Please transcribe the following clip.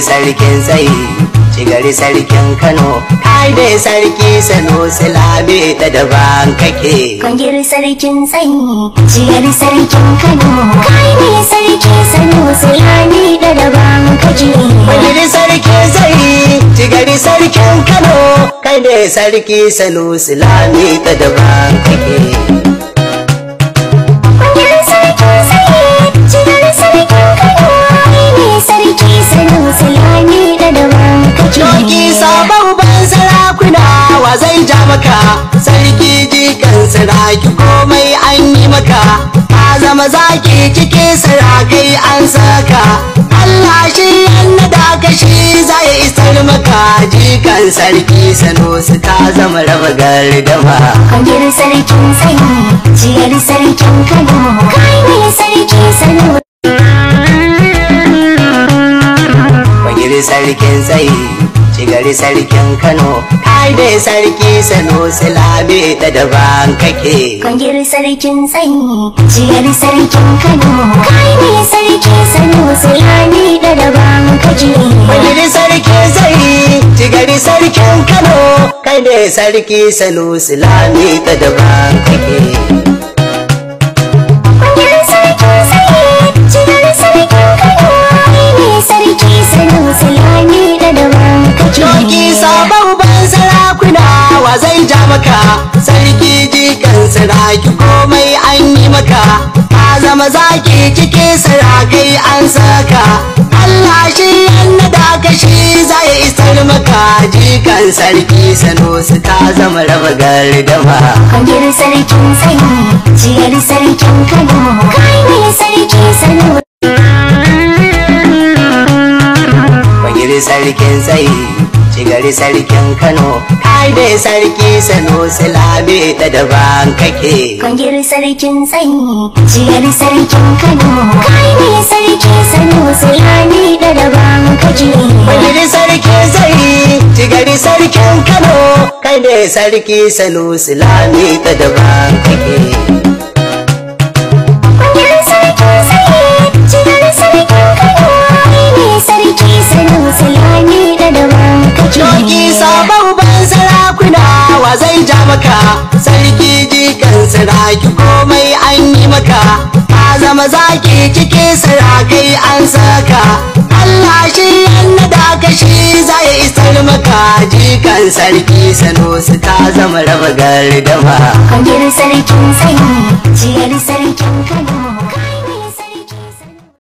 dai sarkin tsayi cigari sarkin kano kai dai sarki sano silabe da daban kake kangir sarkin tsayi cigari sarkin kano kai ne sarki sano silabe da daban kake kangir sarki tsayi cigari sarkin kano kai ne sarki sano silabe da daban kake shoki sabon ban sarakuna wa zai ja maka sarki da ki komai an yi maka a zama zaki cike sarakai an saka Allah shi na da kashi zai isar maka jikan sarki su ta zama raba gardama Kajir sarkin sanyi jiyar sarkin kano kai ne sarki sano Kajir sarkin sanyi shigari sarkin Kano kai dai sarki Sano Silame da daban kake kan kangir sarkin tsayi shigari sarkin Kano kai dai sarki Sano Silame da daban kake kan kangir sarki tsayi shigari sarkin Kano kai dai sarki Sano Silame da daban kake wa zai ja maka sarki jikan siraki komai an yi maka a zama zaki cike sirakai an saka Allah shi annada ka shi zai isar maka jikan sarki sano su ta zama raba gardama kagir sarkin sani jiyar sarkin kano kai sarki sano Bagir sarkin sani shigari sarkin Kano kai dai sarki sano silame da daban kake kangir sarkin tsayi shigari sarkin Kano kai ne sarki sano silame da daban kake kangir sarki tsayi shigari sarkin Kano kai dai sarki sano silame da daban kake maka sarki jikan siraki komai an yi maka a zama zaki cikin sirakai an saka Allah shi na da kashi zai isar maka jikan sarki sanosu ta zama raba gardama sarkin sanyi jiyar